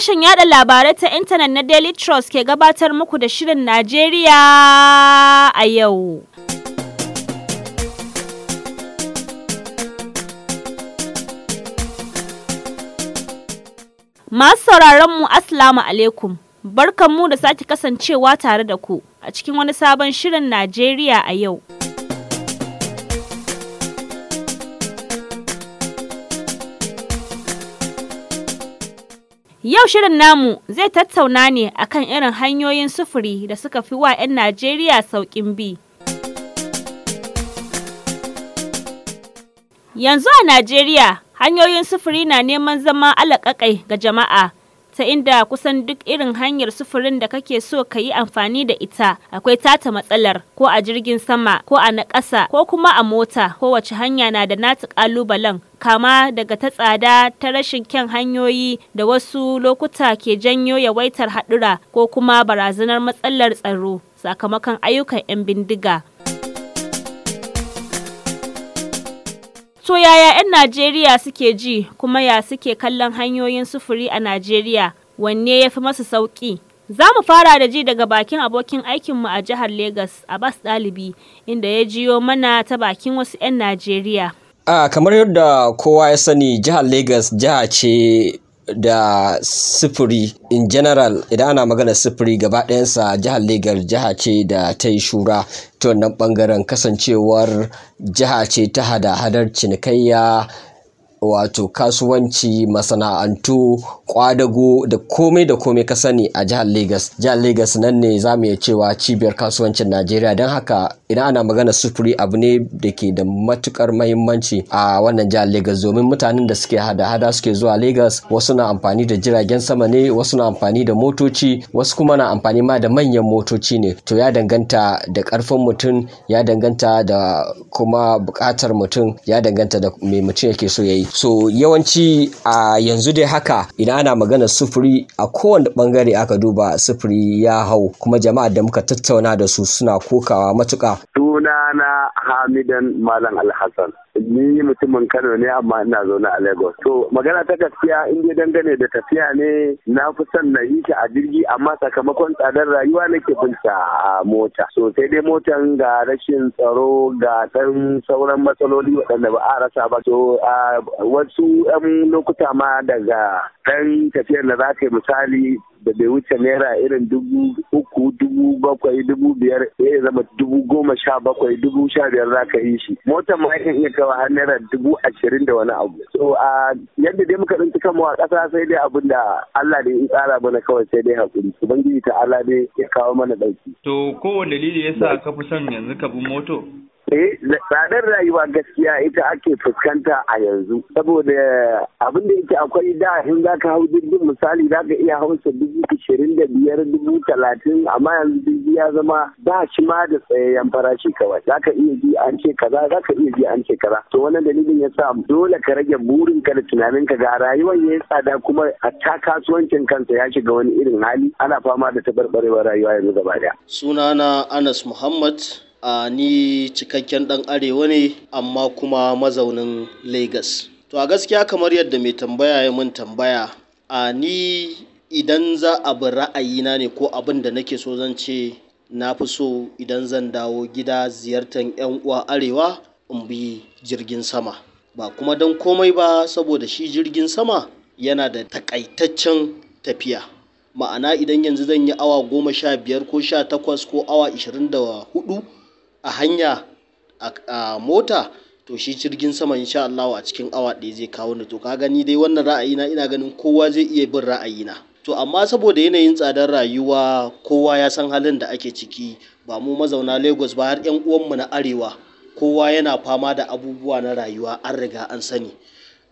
Sashen yada labarai ta intanet na Daily Trust ke gabatar muku da Shirin Najeriya a yau. Masu sauraron mu Assalamu alaikum. mu da sake kasancewa tare da ku a cikin wani sabon Shirin Najeriya a yau. Yau shirin namu zai tattauna ne akan irin hanyoyin sufuri da suka fi wa 'yan Najeriya sauƙin bi. Yanzu a Najeriya, hanyoyin sufuri na neman zama alaƙaƙai ga jama'a ta inda kusan duk irin hanyar sufurin da kake so ka yi amfani da ita akwai tata matsalar ko a jirgin sama ko a na ƙasa ko kuma a mota kowace hanya na da nata ƙalubalen kama daga ta tsada ta rashin kyan hanyoyi da wasu lokuta ke janyo yawaitar haɗura ko kuma barazanar matsalar tsaro sakamakon ayyukan 'yan bindiga To yaya 'yan Najeriya suke ji kuma ya suke kallon hanyoyin sufuri a Najeriya wanne ya fi masu sauƙi? Za mu fara da ji daga bakin abokin aikinmu a jihar Legas, bas Ɗalibi, inda ya jiyo mana ta bakin wasu 'yan Najeriya. A kamar yadda kowa ya sani jihar Legas jiha ce da sufuri in general idan ana magana sufuri gaba ɗayansa jihar legas jiha ce da ta yi shura ta wannan ɓangaren kasancewar jiha ce ta hada-hadar cinikayya wato kasuwanci masana'antu kwadago da komai da komai ka sani a jihar Legas. Jihar Legas nan ne za mu iya cewa cibiyar kasuwancin Najeriya don haka idan ana magana sufuri abu ne da ke da matukar mahimmanci a wannan jihar Legas domin mutanen da suke hada-hada suke zuwa Legas wasu na amfani da jiragen sama ne wasu na amfani da motoci wasu kuma na amfani ma da manyan motoci ne to ya danganta da karfin mutum ya danganta da kuma bukatar mutum ya danganta da me mutum yake so ya yi so yawanci a yanzu dai haka idan ana magana sufuri a kowane bangare aka duba sufuri ya hau kuma jama'a da muka tattauna da su suna kokawa matuka sunana hamidan malam alhassan ni mutumin Kano ne amma ina zaune a Lagos. To magana ta gaskiya in dai dangane da tafiya ne na fi son na yi shi a jirgi amma sakamakon tsadar rayuwa nake binta a mota. So sai dai motan ga rashin tsaro ga ɗan sauran matsaloli waɗanda ba a rasa ba. To a wasu 'yan lokuta ma daga ɗan tafiyar da za ta yi misali da bai wuce naira irin dubu uku dubu bakwai dubu biyar ya zama dubu goma sha bakwai dubu sha biyar za ka yi shi motar ma yakan iya kawo har naira dubu ashirin da wani abu so a yadda dai muka tsinci kanmu a ƙasa sai dai abin da Allah dai ya tsara mana kawai sai dai hakuri ubangiji ta Allah dai ya kawo mana ɗauki. to kowane dalili yasa ka fi son yanzu ka bi moto. Eh, tsadar rayuwa gaskiya ita ake fuskanta a yanzu. Saboda abin da yake akwai da in za ka hau jirgin misali za ka iya hausa dubu ashirin da biyar dubu talatin amma yanzu jirgi ya zama ba shi ma da tsayayyen farashi kawai. Za ka iya ji an ce kaza za ka iya ji an ce kaza. To wani dalilin ya sa dole ka rage burin ka da tunanin ka ga rayuwar ya yi tsada kuma a ta kasuwancin kansa ya shiga wani irin hali ana fama da tabarbarewar rayuwa yanzu gaba daya. Sunana Anas Muhammad A ni cikakken ɗan arewa ne amma kuma mazaunin Legas. To a gaskiya kamar yadda mai tambaya ya mun tambaya, a ni idan za a bi ra'ayina ne ko abin da nake so zan ce, na fi so idan zan dawo gida ziyartar 'yan uwa arewa in bi jirgin sama. Ba kuma don komai ba saboda shi jirgin sama yana da takaitaccen tafiya. Ma'ana idan yanzu zan yi awa goma sha biyar ko sha takwas ko awa ashirin da hudu. a hanya a mota to shi jirgin sama insha Allah a cikin awa ɗaya zai kawo ni to ka gani dai wannan ra'ayina ina ganin kowa zai iya bin ra'ayina to amma saboda yanayin tsadar rayuwa kowa ya san halin da ake ciki ba mu mazauna Lagos ba har 'yan uwanmu na arewa kowa yana fama da abubuwa na rayuwa an riga an sani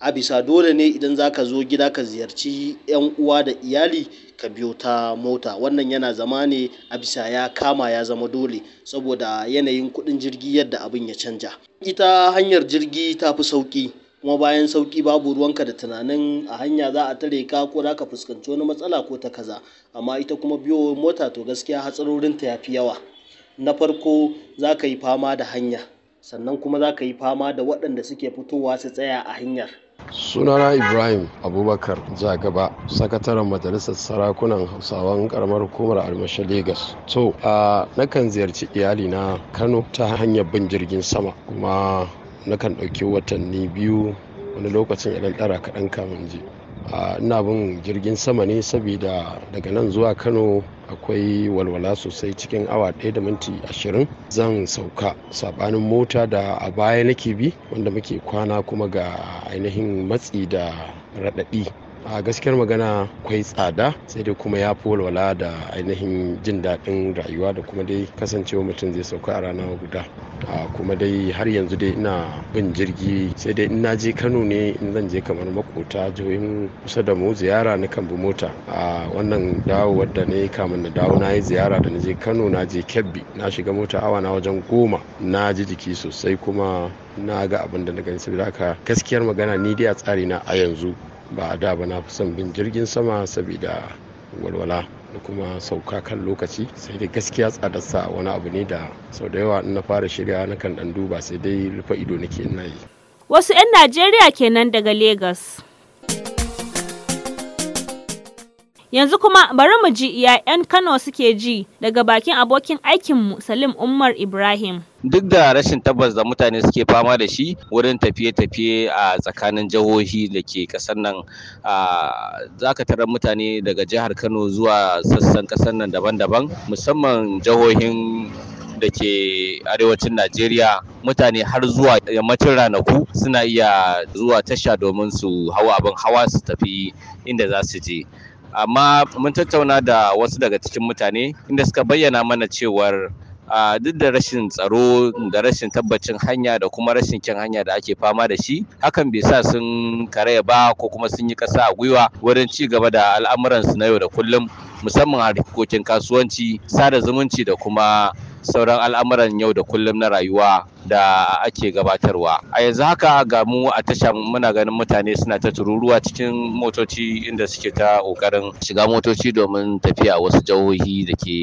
a bisa dole ne idan za ka zo gida ka ziyarci 'yan uwa da iyali ka biyo ta mota wannan yana zama ne a bisa ya kama ya zama dole saboda yanayin kudin jirgi yadda abin ya canja ita hanyar jirgi ta fi sauki kuma bayan sauki babu ruwanka da tunanin a hanya za a tare ka ko za ka fuskanci wani matsala ko ta kaza amma ita kuma biyo mota to gaskiya hatsarorin ta yafi yawa na farko za ka yi fama da hanya sannan kuma za ka yi fama da waɗanda suke fitowa su tsaya a hanyar sunana ibrahim abubakar zagaba sakataren majalisar sarakunan hausawan karamar hukumar almashi Legas. to a nakan ziyarci iyalina kano ta hanyar bin jirgin sama kuma nakan ɗauki watanni biyu wani lokacin idan ɗara kaɗan kamun ji ina bin jirgin sama ne saboda daga nan zuwa kano akwai walwala sosai cikin awa ɗaya da minti ashirin zan sauka saɓanin mota da a baya nake bi wanda muke kwana kuma ga ainihin matsi da raɗaɗi a gaskiyar magana kwai tsada sai dai kuma ya fi walwala da ainihin jin daɗin rayuwa da kuma dai kasancewa mutum zai sauka a rana guda kuma dai har yanzu dai ina bin jirgi sai dai ina je kano ne in zan je kamar makota jihohin kusa da mu ziyara na kan bi mota a wannan dawo wadda ne kamun na dawo na yi ziyara da na je kano na je kebbi na shiga mota awa na wajen goma na ji jiki sosai kuma na ga abin da na gani saboda haka gaskiyar magana ni dai a tsari na a yanzu ba a da ba na fi son bin jirgin sama saboda walwala da kuma sauka kan lokaci sai dai gaskiya tsadarsa wani abu ne da sau da yawa in na fara shirya na kan ɗan duba sai dai rufe ido nake yi wasu 'yan najeriya kenan daga lagos Yanzu kuma bari mu ji 'ya'yan 'yan Kano suke ji daga bakin abokin aikinmu Salim Umar Ibrahim. duk da rashin tabbas da mutane suke fama da shi wurin tafiye-tafiye a tsakanin jihohi da ke kasar nan za ka tarar mutane daga jihar kano zuwa sassan kasar nan daban-daban musamman jihohin da ke arewacin najeriya mutane har zuwa yammacin ranaku suna iya zuwa tasha domin su hawa abin hawa su tafi inda za su je amma mun tattauna da wasu daga cikin mutane inda suka bayyana mana cewar a duk da rashin tsaro da rashin tabbacin hanya da kuma rashin kyan hanya da ake fama da shi hakan bai sa sun karaya ba ko kuma sun yi ƙasa a gwiwa wurin ci gaba da al'amuransu na yau da kullum musamman harkokin kasuwanci sada zumunci da kuma sauran al'amuran yau da kullum na rayuwa da ake gabatarwa a yanzu haka ga mu a tasha muna ganin mutane suna ta tururuwa cikin motoci inda suke ta kokarin shiga motoci domin tafiya wasu jihohi da ke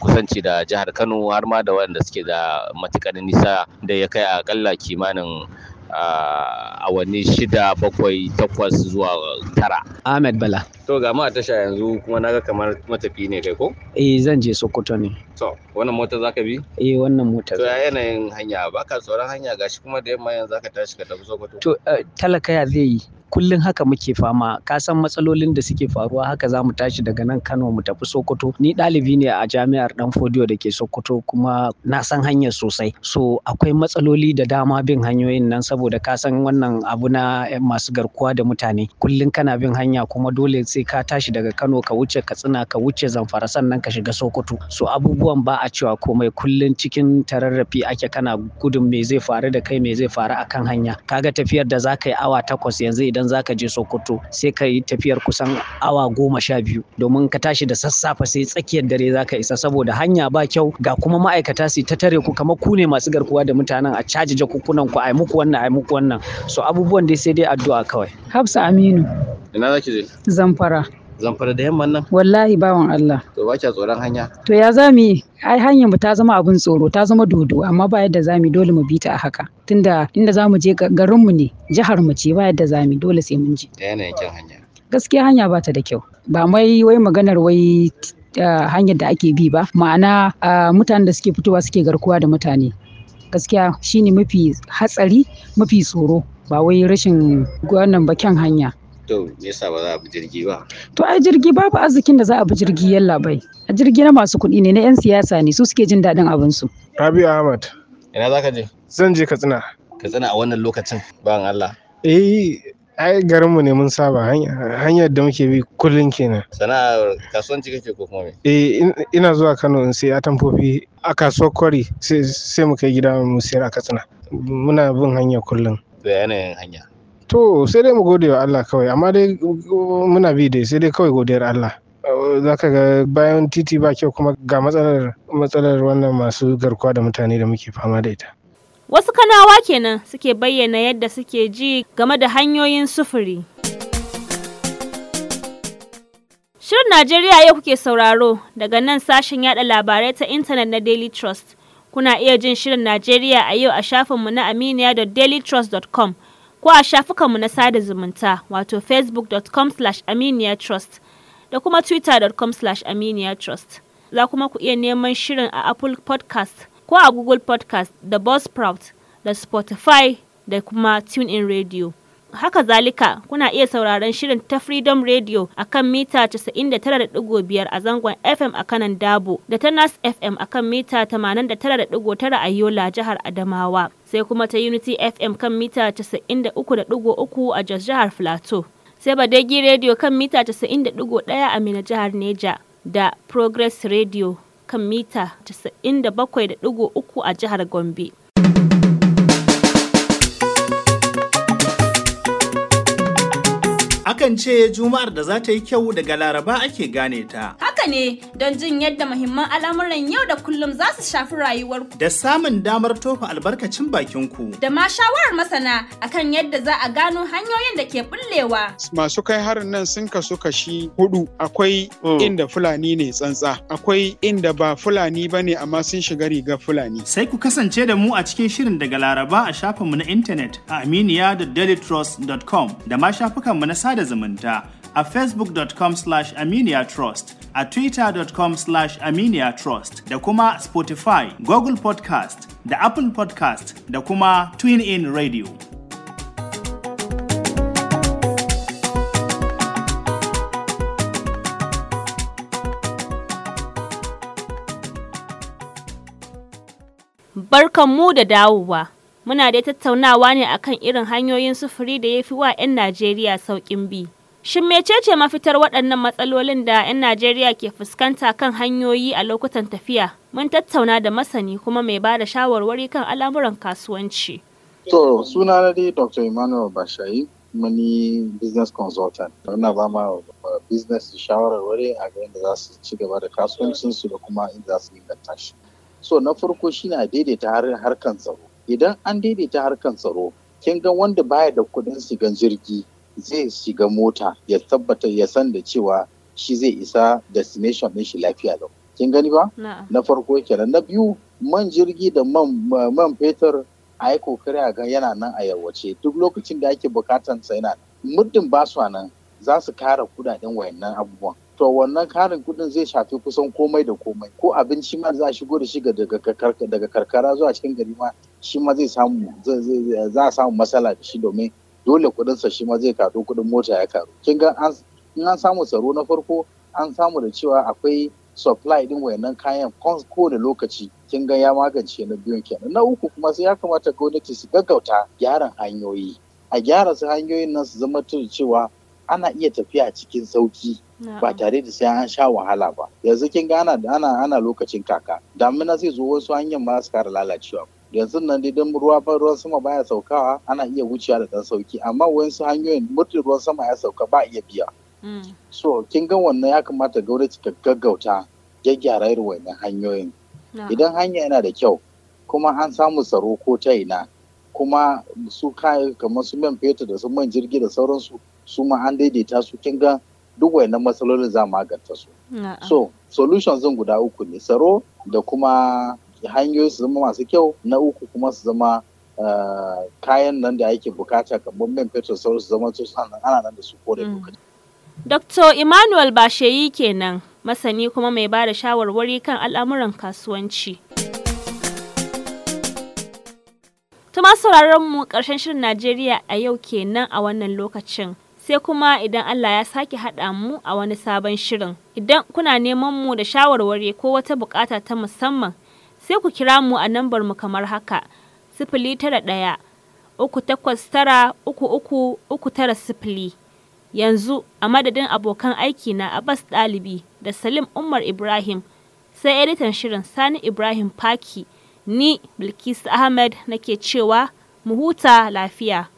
kusanci da jihar kano har ma da waɗanda suke da matukar nisa da ya kai akalla kimanin awanni shida bakwai takwas zuwa tara. Ahmed Bala. To ga ma a tasha yanzu kuma na naga kamar matafi ne kai ko? Eh zan je Sokoto ne. To wannan mota zaka bi? Eh wannan mota. To ya yanayin hanya baka tsoron hanya gashi kuma da yamma yanzu zaka tashi ka tafi Sokoto. To eh, talaka ya zai yi kullum haka muke fama ka san matsalolin da suke faruwa haka za mu tashi daga nan Kano mu tafi Sokoto ni ɗalibi ne a jami'ar Dan Fodiyo da ke Sokoto kuma na san hanyar sosai so akwai matsaloli da dama bin hanyoyin nan saboda ka san wannan abu na eh, masu garkuwa da mutane kullum kana bin hanya kuma dole sai ka tashi daga Kano ka wuce Katsina ka wuce Zamfara sannan ka shiga Sokoto so abubuwan ba a cewa komai kullum cikin tararrafi ake kana gudun me zai faru da kai me zai faru akan hanya kaga tafiyar da za ka yi awa takwas yanzu idan za ka je Sokoto sai ka yi tafiyar kusan awa goma sha biyu domin ka tashi da sassafe sai tsakiyar dare za ka isa saboda hanya ba kyau ga kuma ma'aikata su ta tare ku kamar ku ne masu garkuwa da mutanen a caji jakunkunan ku yi muku wannan yi muku wannan so abubuwan dai sai dai addu'a kawai Hafsa Aminu ina za ki je Zamfara zamfara da yamman nan wallahi bawan Allah to ba kya tsoron hanya to ya zami ai hanyar mu ta zama abin tsoro ta zama dodo amma ba yadda zamu dole mu bi ta a haka tunda inda zamu je garin mu ne jihar mu ce ba yadda zamu dole sai mun je da yanayin kyan hanya gaskiya hanya ba ta da kyau ba mai wai maganar wai hanyar da ake bi ba ma'ana mutanen da suke fitowa suke garkuwa da mutane gaskiya shine mafi hatsari mafi tsoro ba wai rashin gwanan ba kyan hanya to me yasa ba za a bi jirgi ba to ai jirgi babu arzikin da za a bi jirgi yalla bai a jirgi na masu kuɗi ne na yan siyasa ne su suke jin daɗin abin su Rabi'u Ahmad ina zaka je zan je Katsina Katsina a wannan lokacin bayan Allah eh ai garinmu ne mun saba hanyar da muke bi kullum kenan sana'ar kasuwanci kake ko kuma me eh ina zuwa Kano in sai atamfofi a kasuwar kwari sai mu kai gida mu sayar a Katsina muna bin hanyar kullum to yanayin hanya To sai dai mu gode wa Allah kawai, amma dai muna bi dai sai dai kawai godiyar Allah. Za ka ga bayan titi ba kyau kuma ga matsalar matsalar wannan masu garkuwa da mutane da muke fama da ita. Wasu kanawa kenan suke bayyana yadda suke ji game da hanyoyin sufuri. Shirin Najeriya yau kuke sauraro daga nan sashen yada labarai ta intanet na Daily Trust. Kuna iya jin Shirin Najeriya a yau a shafinmu na aminiya.dailytrust.com. ko a shafukanmu na sada zumunta wato facebookcom aminiyatrust da kuma twittercom aminiyatrust Za kuma ku iya neman shirin a Apple podcast ko a Google podcast da Buzzsprout da Spotify da kuma in Radio. Haka zalika kuna iya sauraron shirin ta Freedom Radio a kan mita 99.5 a zangon FM a kanan Dabo da ta Nas FM a kan mita 89.9 a Yola jihar Adamawa. Sai kuma ta Unity FM kan mita 93.3 a Jos jihar filato Sai Badegi Radio kan mita 90.1 a Mina jihar Neja da Progress Radio kan mita 97.3 a jihar Gombe. Akan ce Juma'ar da za ta yi kyau daga Laraba ake gane ta. ne don jin yadda muhimman al'amuran yau da kullum za su shafi rayuwarku. Da samun damar tofa albarkacin bakinku. Da ma shawarar masana akan yadda za a gano hanyoyin da ke bullewa. Masu kai harin nan sun kasu kashi hudu akwai oh. inda Fulani ne tsantsa akwai inda ba Fulani ba ne amma sun shiga riga Fulani. Sai ku kasance da mu a cikin shirin daga Laraba a shafinmu na intanet a aminiya.dailytrust.com da ma shafukanmu na sada zumunta a facebook.com/aminiya trust a twitter.com slash trust da kuma Spotify, Google podcast da Apple podcast da kuma twin in Radio. mu da dawowa. Muna da tattaunawa ne akan irin hanyoyin sufuri da ya fi wa 'yan Najeriya sauƙin bi. Shin mecece mafitar waɗannan matsalolin da 'yan Najeriya ke fuskanta kan hanyoyi a lokutan tafiya? Mun tattauna da masani kuma mai ba da shawarwari kan al'amuran kasuwanci. To, suna na dai Dr. Emmanuel Bashayi, mani business consultant. Ina ba ma eh, business shawarwari a ga inda za su ci gaba da kasuwancinsu da kuma inda za su inganta shi. So, na farko shine a daidaita harkan tsaro. Idan an daidaita harkar tsaro, kin ga wanda baya da kuɗin sigan jirgi zai shiga mota ya tabbata ya san da cewa shi zai isa destination din shi lafiya lau kin gani ba na farko kenan na biyu man jirgi da man fetur a yi kokari a ga yana nan a yawace duk lokacin da ake bukatan sa yana muddin ba su nan za su kara kudaden wayannan abubuwan to wannan karin kudin zai shafi kusan komai da komai ko abinci ma za a shigo da shiga daga karkara zuwa cikin gari ma shi ma zai samu za a samu matsala da shi domin dole sa shi ma zai karu kuɗin mota ya karu kin ga in an samu tsaro na farko an samu da cewa akwai supply din wayannan kayan da lokaci kin ga ya magance na biyun kenan na uku kuma sai ya kamata gwamnati su gaggauta gyaran hanyoyi a gyara su hanyoyin nan su zama cewa ana iya tafiya cikin sauki ba tare da sai an sha wahala ba yanzu kin ga ana ana ana lokacin kaka damina zai zo wasu hanyar ma su kara lalacewa yanzu nan dai don ruwa fa ruwan sama baya saukawa ana iya wucewa da dan sauki amma wasu hanyoyin muddin ruwan sama ya sauka ba iya biya hmm. so kin ga wannan ya kamata gwamnati ta gaggauta ya gyara irin wannan hanyoyin idan hanya yana da kyau kuma an samu tsaro ko ta ina kuma su kaya kamar su man fetur da su man jirgi da sauransu su ma an daidaita su kin ga duk wayannan matsalolin za maganta su so solution zan guda uku ne tsaro da kuma hanyoyi su zama masu kyau na uku kuma su zama eh, kayan nan da ake bukata kamar man fetur sauran su zama ana nan da su ko da mm. lokaci. Dr. Emmanuel Basheyi kenan masani kuma mai ba da shawarwari kan al'amuran kasuwanci. Tuma sauraron mu ƙarshen shirin Najeriya a yau kenan a wannan lokacin. sai kuma idan Allah ya sake haɗa mu a wani sabon shirin. Idan kuna neman mu da shawarwari ko wata bukata ta musamman sai ku kira mu a nambar mu kamar haka sifili tara ɗaya uku takwas tara uku uku uku tara sifili yanzu a madadin abokan aiki na abbas ɗalibi da salim umar ibrahim sai editan shirin sani ibrahim paki ni bilkisu ahmed nake cewa mu huta lafiya